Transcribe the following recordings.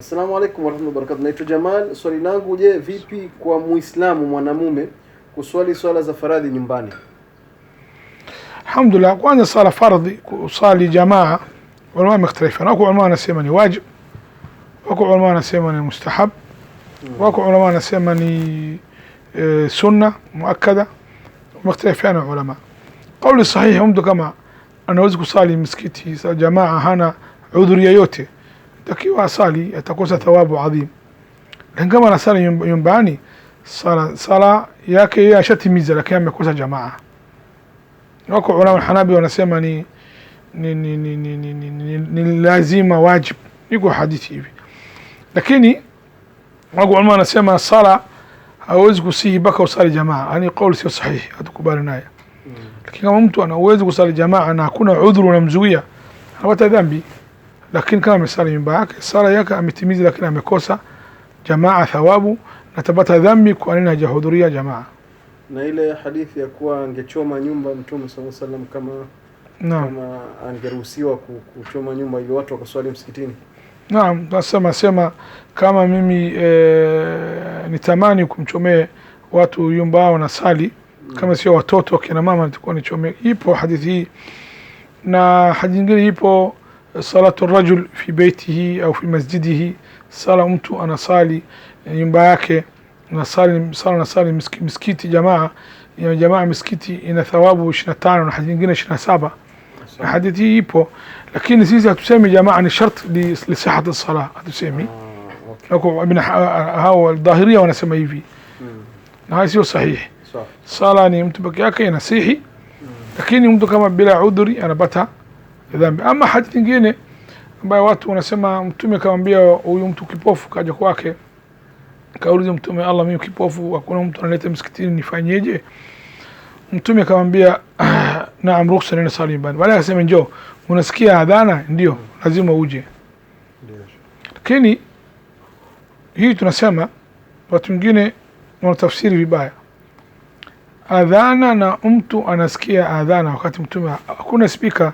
Assalamu alaikum warahmatullahi wabarakatuh. Naitwa Jamal. Swali langu, je, vipi kwa Muislamu mwanamume kuswali swala za faradhi nyumbani? Alhamdulillah, kwanza swala faradhi kuswali jamaa, ulama wamekhtalifiana. Wako ulama wanasema ni wajib, wako ulama wanasema ni mustahab, hmm. wako ulama wanasema ni e, sunna muakkada. Wamekhtalifiana ulama. Kauli sahihi, mtu kama anaweza kusali msikiti za jamaa hana udhuri yoyote takiwa asali atakosa thawabu adhimu, lakini kama anasali nyumbani sala, sala yake yeye ashatimiza, lakini amekosa jamaa. Wako ulama Hanabi wanasema ni ni, ni, ni, ni, ni, ni, ni lazima wajib, iko hadithi hivi, lakini wako ulama wanasema sala hawezi kusihi mpaka usali jamaa, ani kauli sio sahihi, hatukubali naye lakini kama mtu ana uwezo kusali jamaa na hakuna udhuru unamzuia, hapata dhambi. lakini kama amesali nyumba yake sala yake ametimiza, lakini amekosa jamaa thawabu, natapata dhambi kwa nini hajahudhuria jamaa. Na ile hadithi ya kuwa angechoma nyumba Mtume sallallahu alaihi wasallam kama na. Kama angeruhusiwa kuchoma nyumba ili watu wakaswali msikitini. Naam, nasema sema kama mimi e, nitamani kumchomea watu nyumba wao na sali mm. Kama sio watoto kina mama nitakuwa nichomea. Ipo hadithi hii na hadithi nyingine ipo صلاة الرجل في بيته أو في مسجده صلاة أمت أنا صالي يعني ينباك أنا صالي صلاة أنا صالي مسكيتي جماعة يا يعني جماعة مسكيتي إن ثوابه شنا تانو نحدين قلنا شنا سابا حديثي يبو لكن سيزا تسمي جماعة الشرط لصحة الصلاة تسمي لكو ابن هاو الظاهرية وأنا سمي في هاي سيو صحيح صلاة أنا متبكي أكي أنا لكن يمتو كما بلا عذري أنا بتا dhambi. Ama hadithi nyingine ambayo watu wanasema mtume kamwambia huyu mtu kipofu kaja kwake, kauliza mtume, Allah, mimi kipofu, hakuna mtu analeta msikitini, nifanyeje? Mtume akamwambia naam, ruhusa nene sali nyumbani. Baadaye akasema njoo, unasikia adhana? Ndio, lazima uje. Lakini hii tunasema watu wengine wanatafsiri vibaya adhana, na mtu anasikia adhana wakati mtume hakuna spika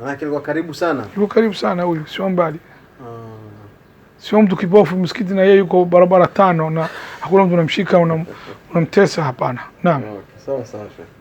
maana alikuwa karibu sana. Yuko karibu sana huyu, sio mbali. Ah. Sio mtu kipofu msikiti na yeye yuko barabara tano na hakuna mtu unamshika unamtesa, hapana. Naam. Okay, sawa sawa.